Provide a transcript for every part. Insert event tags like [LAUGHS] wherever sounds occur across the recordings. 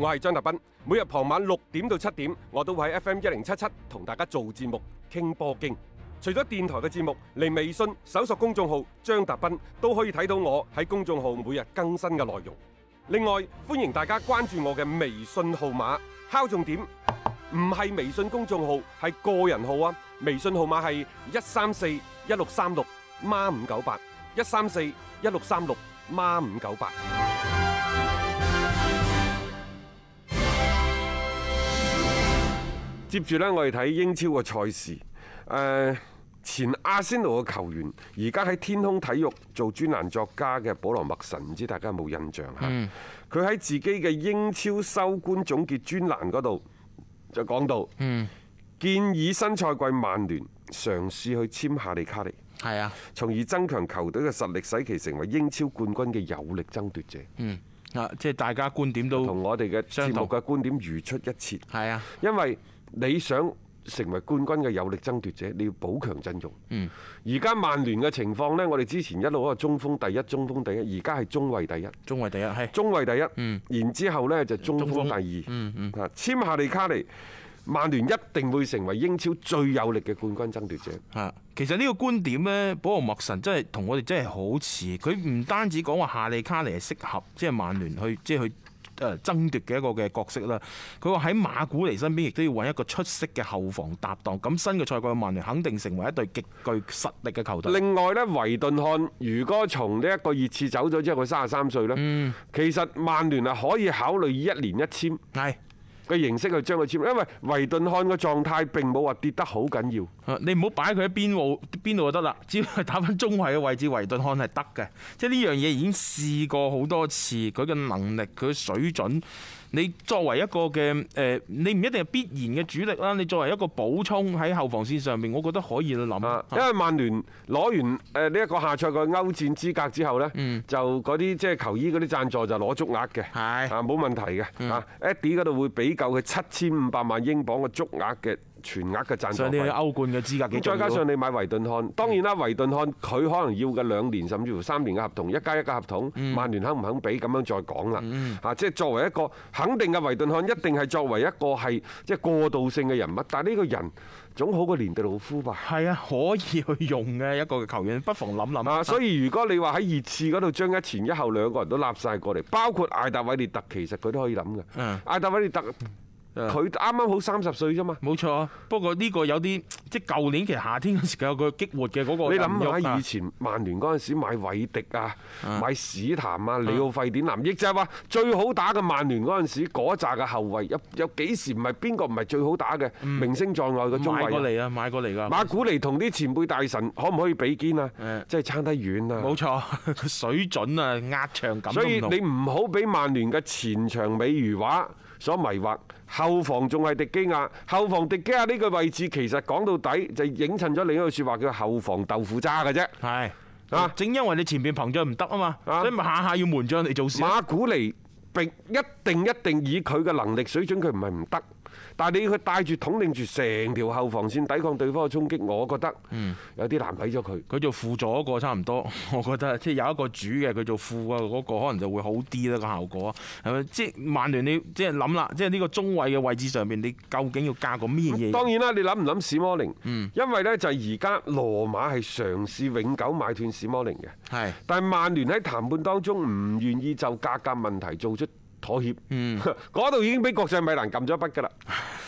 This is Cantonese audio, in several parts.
我係張達斌，每日傍晚六點到七點，我都會喺 FM 一零七七同大家做節目傾波經。除咗電台嘅節目，嚟微信搜索公眾號張達斌都可以睇到我喺公眾號每日更新嘅內容。另外，歡迎大家關注我嘅微信號碼，敲重點，唔係微信公眾號，係個人號啊！微信號碼係一三四一六三六孖五九八一三四一六三六孖五九八。接住呢，我哋睇英超嘅賽事。誒、呃，前阿仙奴嘅球員，而家喺天空體育做專欄作家嘅保羅默神，唔知大家有冇印象吓？佢喺、嗯、自己嘅英超收官總結專欄嗰度就講到，嗯，建議新賽季曼聯嘗試去簽夏利卡尼，係啊，從而增強球隊嘅實力，使其成為英超冠軍嘅有力爭奪者。嗯，即係大家觀點都同我哋嘅節目嘅觀點如出一轍。係啊，因為。你想成為冠軍嘅有力爭奪者，你要補強陣容。嗯，而家曼聯嘅情況呢，我哋之前一路嗰個中鋒第一，中鋒第一，而家係中衛第一，中衛第一係，中衛第一。第一，嗯，然之後呢風，就中鋒第二。嗯嗯。啊、嗯，簽夏利卡尼，曼聯一定會成為英超最有力嘅冠軍爭奪者。啊，其實呢個觀點呢，保羅莫神真係同我哋真係好似，佢唔單止講話夏利卡尼係適合，即係曼聯去，即係去。誒爭奪嘅一個嘅角色啦，佢話喺馬古尼身邊亦都要揾一個出色嘅後防搭檔，咁新嘅賽季曼聯肯定成為一隊極具實力嘅球隊。另外呢，維頓漢如果從呢一個熱刺走咗之後，佢三十三歲呢，嗯、其實曼聯啊可以考慮一年一簽。嘅形式去將佢接，因為維頓漢個狀態並冇話跌得好緊要。你唔好擺佢喺邊路，邊度就得啦。只要係打翻中衞嘅位置，維頓漢係得嘅。即係呢樣嘢已經試過好多次，佢嘅能力，佢嘅水準。你作為一個嘅誒、呃，你唔一定係必然嘅主力啦。你作為一個補充喺後防線上面，我覺得可以去諗。因為曼聯攞完誒呢一個下賽季歐戰資格之後呢、嗯，就嗰啲即係球衣嗰啲贊助就攞足額嘅，啊，冇是的 問題嘅嚇。Eddie 嗰度會俾夠佢七千五百萬英鎊嘅足額嘅。全額嘅贊助費，所以啲歐冠嘅資格咁再加上你買維頓漢，當然啦，維頓漢佢可能要嘅兩年甚至乎三年嘅合同，一加一嘅合同，曼聯肯唔肯俾咁樣再講啦？嚇，即係作為一個肯定嘅維頓漢，一定係作為一個係即係過渡性嘅人物，但係呢個人總好過連迪路夫吧？係啊，可以去用嘅一個球員，不妨諗諗啊。所以如果你話喺熱刺嗰度將一前一後兩個人都攬曬過嚟，包括艾達韋列特，其實佢都可以諗嘅。嗯，艾達韋列特。佢啱啱好三十歲啫嘛，冇錯。不過呢個有啲即係舊年其實夏天嗰時候有個激活嘅嗰個。你諗下以前曼聯嗰陣時買韋迪啊，啊買史譚啊，李奧費迪南啊，亦就係話最好打嘅曼聯嗰陣時嗰扎嘅後衞有有幾時唔係邊個唔係最好打嘅、嗯、名聲在外嘅中衞、啊？買過嚟啊，買過嚟㗎。馬古尼同啲前輩大神可唔可以比肩啊？即係、啊、差得遠啊！冇錯，水準啊，壓場感。所以你唔好俾曼聯嘅前場美如畫，所迷惑，後防仲係迪基亞，後防迪基亞呢個位置其實講到底就係、影襯咗另一句説話叫後防豆腐渣嘅啫。係是啊，正因為你前面膨脹唔得啊嘛，你咪下下要門將嚟做事。馬古尼並一定一定以佢嘅能力水準，不不，佢唔係唔得。但係你要佢帶住統領住成條後防線抵抗對方嘅衝擊，我覺得有啲難睇咗佢。佢做輔助嗰個差唔多，我覺得即係有一個主嘅，佢做副啊嗰個可能就會好啲啦，個效果係咪？即曼聯你即係諗啦，即係呢個中位嘅位置上面，你究竟要加個咩嘢？當然啦，你諗唔諗史摩寧？嗯、因為呢就係而家羅馬係嘗試永久買斷史摩寧嘅。係是，但係曼聯喺談判當中唔願意就價格問題做出妥協，嗰度已經俾國際米蘭撳咗筆㗎啦。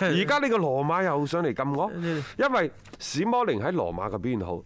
而家呢個羅馬又上嚟撳我，因為史摩寧喺羅馬嘅表現好，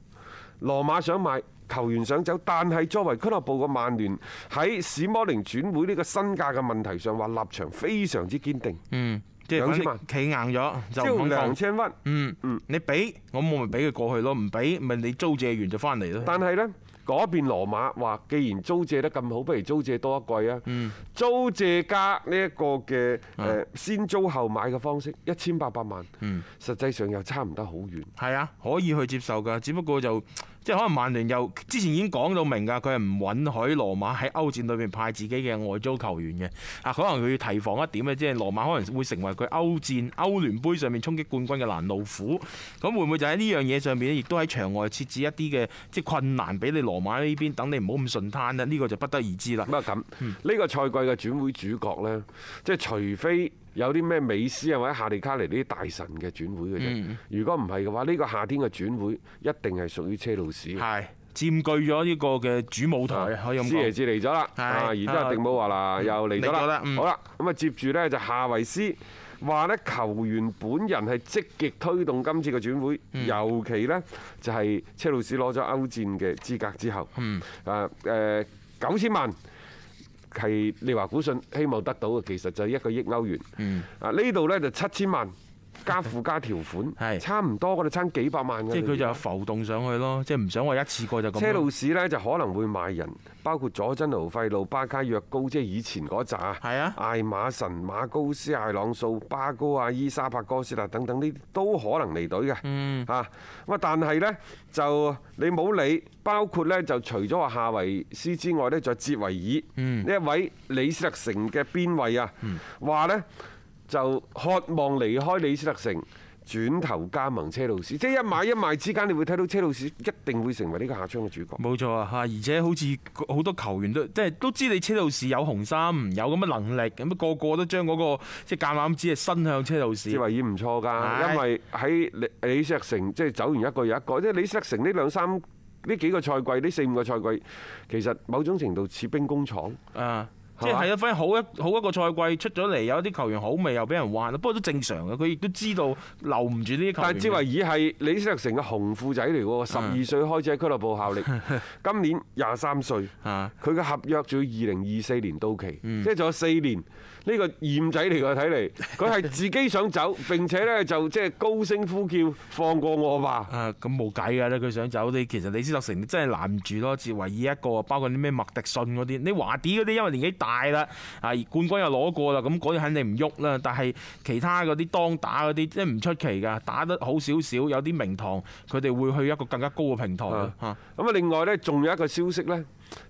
羅馬想買球員想走，但係作為俱樂部嘅曼聯喺史摩寧轉會呢個身價嘅問題上話立場非常之堅定。嗯，即係反正企硬咗就唔肯降千蚊。嗯嗯，你俾我冇咪俾佢過去咯？唔俾咪你租借完就翻嚟咯。但係咧。嗰邊羅馬話，既然租借得咁好，不如租借多一季啊！嗯、租借家呢一個嘅誒先租後買嘅方式，一千八百萬，嗯、實際上又差唔得好遠。係啊，可以去接受㗎，只不過就。即係可能曼聯又之前已經講到明㗎，佢係唔允許羅馬喺歐戰裏面派自己嘅外租球員嘅。啊，可能佢要提防一點咧，即係羅馬可能會成為佢歐戰歐聯杯上面衝擊冠軍嘅攔路虎。咁會唔會就喺呢樣嘢上面，咧，亦都喺場外設置一啲嘅即係困難俾你羅馬呢邊，等你唔好咁順攤咧？呢、呢個就不得而知啦。咁呢、嗯呢個賽季嘅轉會主角呢，即係除非。有啲咩美斯啊或者夏利卡尼呢啲大神嘅轉會嘅啫，如果唔係嘅話，呢個夏天嘅轉會一定係屬於車路士，係佔據咗呢個嘅主舞台。師是爺子嚟咗啦，而家是定冇話嗱，又嚟咗啦，嗯、好啦，咁啊接住呢就夏維斯話呢，球員本人係積極推動今次嘅轉會，尤其呢就係車路士攞咗歐戰嘅資格之後，啊誒，九千萬。係，利華古遜希望得到嘅，其實就係一個億歐元。啊，呢度呢，就七千萬。加附加條款，係是的 差唔多嗰度差幾百萬嘅。即係佢就浮動上去咯，即係唔想話一次過就咁。車路士呢，就可能會賣人，包括佐真奴費路、巴卡約高，即係以前嗰扎。係啊，艾馬神、馬高斯、艾朗素、巴高啊、阿伊沙柏哥斯達等等呢啲都可能離隊嘅。嗯，嚇咁啊！但係呢，就你冇理，包括呢，就除咗話夏維斯之外呢，就哲維爾呢、嗯、一位李斯特城嘅邊衛啊，話呢。就渴望離開李斯特城，轉頭加盟車路士，即係一買一賣之間，你會睇到車路士一定會成為呢個夏窗嘅主角。冇錯啊，嚇！而且好似好多球員都即係都知道你車路士有紅衫，有咁嘅能力，咁個個都將嗰個即係橄欖枝係伸向車路士。即自然唔錯㗎，因為喺李李斯特城即係走完一個又一個，即係李斯特城呢兩三呢幾個賽季，呢四五個賽季，其實某種程度似兵工廠。啊！嗯即係係一分好一好一個賽季出咗嚟，有啲球員好味又俾人玩，不過都正常嘅，佢亦都知道留唔住呢啲。但係哲維爾係李斯特城嘅紅褲仔嚟喎，十二歲開始喺俱樂部效力， [LAUGHS] 今年廿三歲，佢嘅 [LAUGHS] 合約仲要二零二四年到期， [LAUGHS] 即係仲有四年。呢、呢個嫌仔嚟㗎睇嚟，佢係自己想走，並且咧就即係高聲呼叫放過我吧。咁冇計㗎啦！佢想走，你其實李斯特城真係攔唔住咯。哲維爾一個，包括啲咩麥迪遜嗰啲，你華啲嗰啲因為年紀大大啦，啊，冠軍又攞過啦，咁嗰啲肯定唔喐啦。但係其他嗰啲當打嗰啲，即係唔出奇㗎，打得好少少，有啲名堂，佢哋會去一個更加高嘅平台。咁啊的，的另外呢，仲有一個消息呢。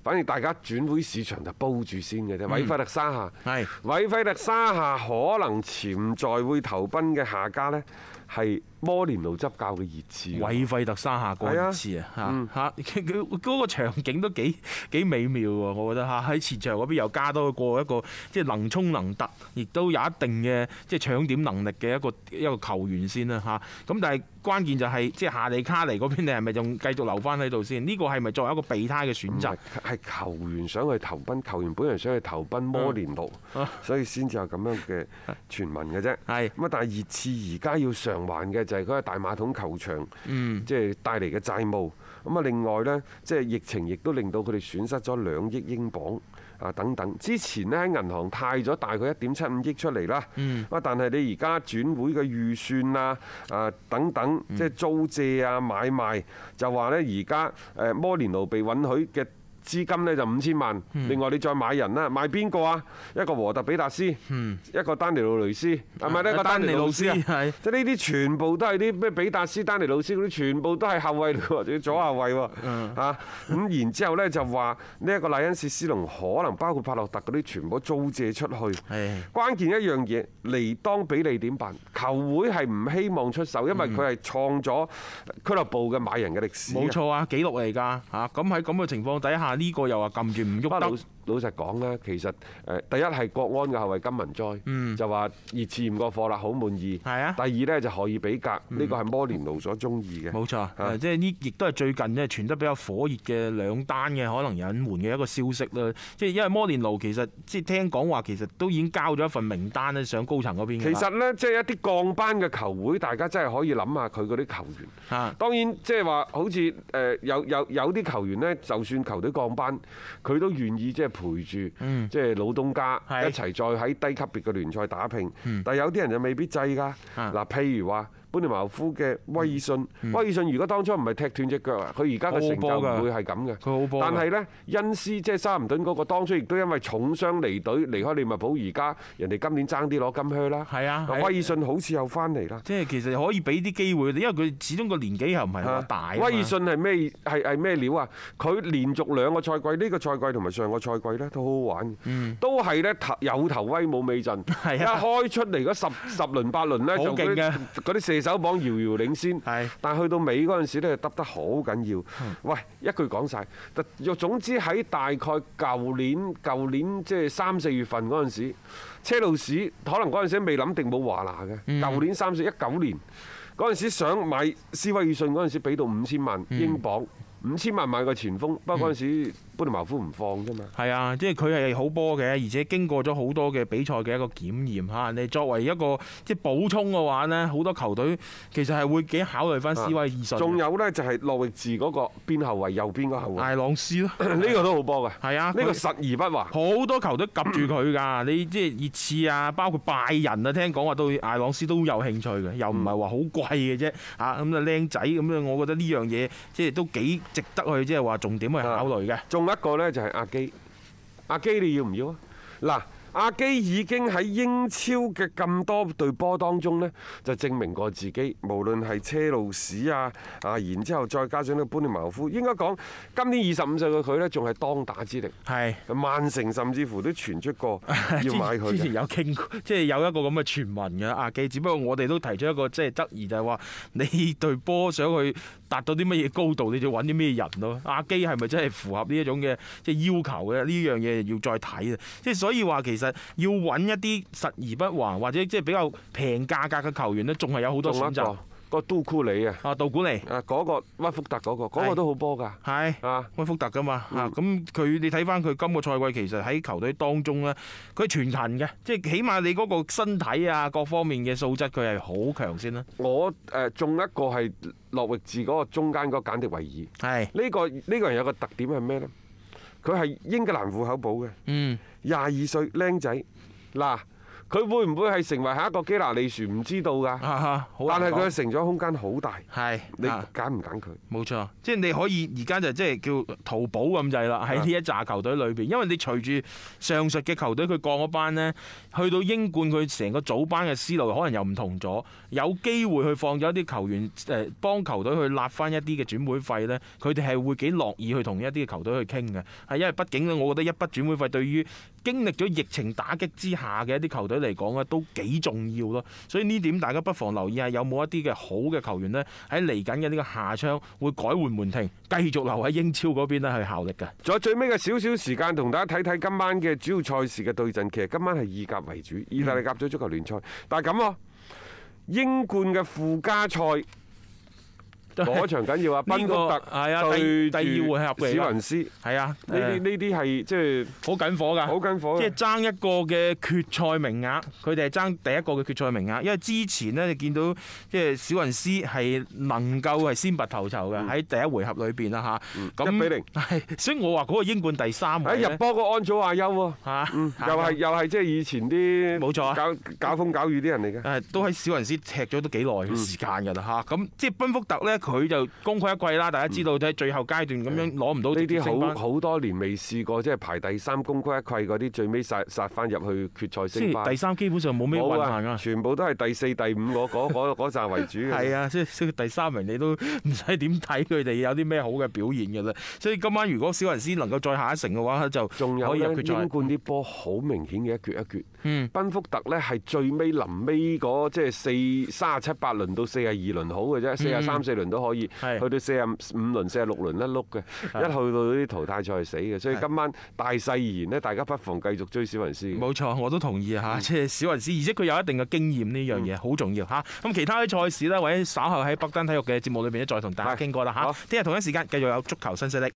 反正大家轉會市場就煲住先嘅啫。韋費、嗯、特沙夏，係韋費特沙夏可能潛在會投奔嘅下家呢，係摩連奴執教嘅熱刺。韋費特沙下過熱刺、嗯、啊，嚇嚇佢佢嗰個場景都幾幾美妙喎。我覺得嚇喺前場嗰邊又加多過一個即係能衝能突，亦都有一定嘅即係搶點能力嘅一個一個球員先啦嚇。咁、啊、但係關鍵就係、是、即係夏利卡尼嗰邊，你係咪仲繼續留翻喺度先？呢個係咪作為一個備胎嘅選擇？係球員想去投奔，球員本人想去投奔摩連奴，嗯、所以先至有咁樣嘅傳聞嘅啫。係咁啊！但係熱刺而家要償還嘅就係佢個大馬桶球場，即係帶嚟嘅債務。咁啊，另外呢，即係疫情亦都令到佢哋損失咗兩億英鎊啊！等等。之前呢，喺銀行貸咗大概一點七五億出嚟啦。咁但係你而家轉會嘅預算啊、啊等等，即係租借啊、買賣，就話呢而家誒摩連奴被允許嘅。資金呢就五千萬，另外你再買人啦，買邊個啊？一個和特比達斯，嗯、一個丹尼路雷斯，啊唔係咧一個丹尼路斯，啊，即係呢啲全部都係啲咩比達斯、丹尼路斯嗰啲，全部都係後衞或者左後衞喎，咁是的、嗯、然之後呢，就話呢一個賴恩士斯隆可能包括帕洛特嗰啲全部租借出去，是的 關鍵一樣嘢嚟當比利點辦？球會係唔希望出手，因為佢係創咗俱樂部嘅買人嘅歷史，冇錯啊，記錄嚟㗎嚇。咁喺咁嘅情況底下。呢個又話撳住唔喐得。老老實講咧，其實誒，第一係國安嘅後衞金玟哉，嗯、就話熱刺唔過貨啦，好滿意。係啊。第二呢，就荷爾比格，呢個係摩連奴所中意嘅。冇錯，啊、即係呢，亦都係最近呢傳得比較火熱嘅兩單嘅可能引援嘅一個消息啦。即係因為摩連奴其實即係聽講話，其實都已經交咗一份名單咧上高層嗰邊。其實呢，即係一啲降班嘅球會，大家真係可以諗下佢嗰啲球員。啊。當然即係話，好似誒有有有啲球員呢，就算球隊降。班佢都願意即係陪住，即係老東家是的 一齊再喺低級別嘅聯賽打拼。但係有啲人就未必制㗎。嗱，譬如話。本尼茅夫嘅威信，威信如果當初唔係踢斷隻腳啊，佢而家嘅成就唔會係咁嘅。佢好波㗎。但係咧，恩斯即係沙姆頓嗰個，當初亦都因為重傷離隊，離開利物浦，而家人哋今年爭啲攞金靴啦。係啊。威信好似又翻嚟啦。即係其實可以俾啲機會，因為佢始終個年紀又唔係話大。威信係咩係係咩料啊？佢連續兩個賽季，呢個賽季同埋上個賽季咧都好好玩，都係咧頭有頭威冇尾陣。係啊。一開出嚟嗰十十輪八輪咧，就嗰啲嗰啲射。走榜遙遙領先，是的 但去到尾嗰陣時咧，揼得好緊要。是的 喂，一句講晒，若總之喺大概舊年、舊年即係三四月份嗰陣時，車路士可能嗰陣時未諗定冇華拿嘅。舊、嗯、年三四一九年嗰陣時想買斯威爾信嗰陣時，俾到五千萬英鎊。嗯嗯五千萬買個前鋒，不過嗰陣時般尼茅夫唔放啫嘛。係啊，即係佢係好波嘅，而且經過咗好多嘅比賽嘅一個檢驗嚇。你作為一個即係補充嘅話呢，好多球隊其實係會幾考慮翻斯威爾遜。仲有呢、那個，就係諾域治嗰個邊後衞，右邊個後衞艾朗斯咯 [LAUGHS] 呢個都好波㗎。係啊，呢個實而不華，好多球隊夾住佢㗎。 [COUGHS] 你即係熱刺啊，包括拜仁啊，聽講話對艾朗斯都有興趣嘅，又唔係話好貴嘅啫。嚇咁啊靚仔咁樣，我覺得呢樣嘢即係都幾。值得去，即係話重點去考慮嘅。仲有一個咧就係阿基。阿基，你要唔要啊？嗱。阿基已經喺英超嘅咁多隊波當中呢，就證明過自己。無論係車路士啊，啊，然之後再加上呢個般尼茅夫，應該講今年二十五歲嘅佢呢，仲係當打之力。係是。曼城甚至乎都傳出過要買佢，啊。之前有傾，即係有一個咁嘅傳聞嘅阿基，只不過我哋都提出一個即係質疑就，就係話你對波想去達到啲乜嘢高度，你就揾啲咩人咯？阿、啊、基係咪真係符合呢一種嘅即係要求嘅？呢樣嘢要再睇啊！即係所以話其實。要揾一啲實而不華，或者即係比較平價格嘅球員咧，仲係有好多選擇。個都庫里是啊，啊杜古尼，啊嗰個威福特嗰個，嗰個都好波㗎。係啊，威福特㗎嘛，咁佢你睇翻佢今個賽季，其實喺球隊當中咧，佢係全勤嘅，即係起碼你嗰個身體啊各方面嘅素質，佢係好強先啦。我誒、呃、仲一個係諾域治嗰個中間嗰簡迪維爾，係呢是、呢個呢、呢個人有個特點係咩呢？佢係英格蘭戶口簿嘅。嗯。廿二歲僆仔嗱。佢會唔會係成為下一個基拿利船？唔知道㗎。啊、但係佢嘅成長空間好大。係是，你揀唔揀佢？冇、啊、錯。即係你可以而家就即係叫淘寶咁滯啦。喺呢一紮球隊裏邊，因為你隨住上述嘅球隊佢降嗰班呢，去到英冠佢成個組班嘅思路可能又唔同咗，有機會去放咗一啲球員誒，幫球隊去攬翻一啲嘅轉會費呢，佢哋係會幾樂意去同一啲嘅球隊去傾嘅，係因為畢竟咧，我覺得一筆轉會費對於經歷咗疫情打擊之下嘅一啲球隊。嚟講咧都幾重要咯，所以呢點大家不妨留意下，有冇一啲嘅好嘅球員呢？喺嚟緊嘅呢個下窗會改換門庭，繼續留喺英超嗰邊呢去效力㗎。仲有最尾嘅少少時間同大家睇睇今晚嘅主要賽事嘅對陣，其實今晚係意甲為主，意大利甲組足球聯賽，嗯、但係咁喎，英冠嘅附加賽。嗰場緊要啊！賓福特係啊，第二回合嘅小雲斯，係啊，呢啲呢啲係即係好緊火㗎，好緊火嘅，即係爭一個嘅決賽名額，佢哋係爭第一個嘅決賽名額，因為之前呢，你見到即係小雲斯係能夠係先拔頭籌嘅喺第一回合裏邊啦嚇，一比零，所以我話嗰個英冠第三喺入波個安祖亞優喎，又係又係即係以前啲冇錯搞風搞雨啲人嚟嘅，都喺小雲斯踢咗都幾耐時間㗎啦嚇，咁即係賓福特咧。佢就功虧一簣啦！大家知道喺最後階段咁樣攞唔到呢啲好好多年未試過，即係排第三功虧一簣嗰啲，最尾殺殺翻入去決賽勝。第三基本上冇咩運行、啊、全部都係第四、第五嗰嗰、那個那個、站為主。 [LAUGHS] 係啊，即係第三名你都唔使點睇佢哋有啲咩好嘅表現㗎啦。所以今晚如果史雲斯能夠再下一城嘅話，就仲有呢？英冠啲波好、嗯、明顯嘅一撅一撅。嗯，賓福特呢係最尾臨尾嗰即係四三十七八輪到四廿二輪好嘅啫，四廿三四輪。都可以，去是的 到四十五輪四十六輪一碌嘅，一去到啲淘汰賽死嘅。所以今晚大勢而言咧，是的 大家不妨繼續追史雲斯，冇錯，我都同意啊！即係史雲斯，而且佢有一定嘅經驗呢樣嘢，好重要吓，咁其他啲賽事咧，或者稍後喺北單體育嘅節目裏邊再同大家傾過啦嚇。聽日同一時間繼續有足球新勢力。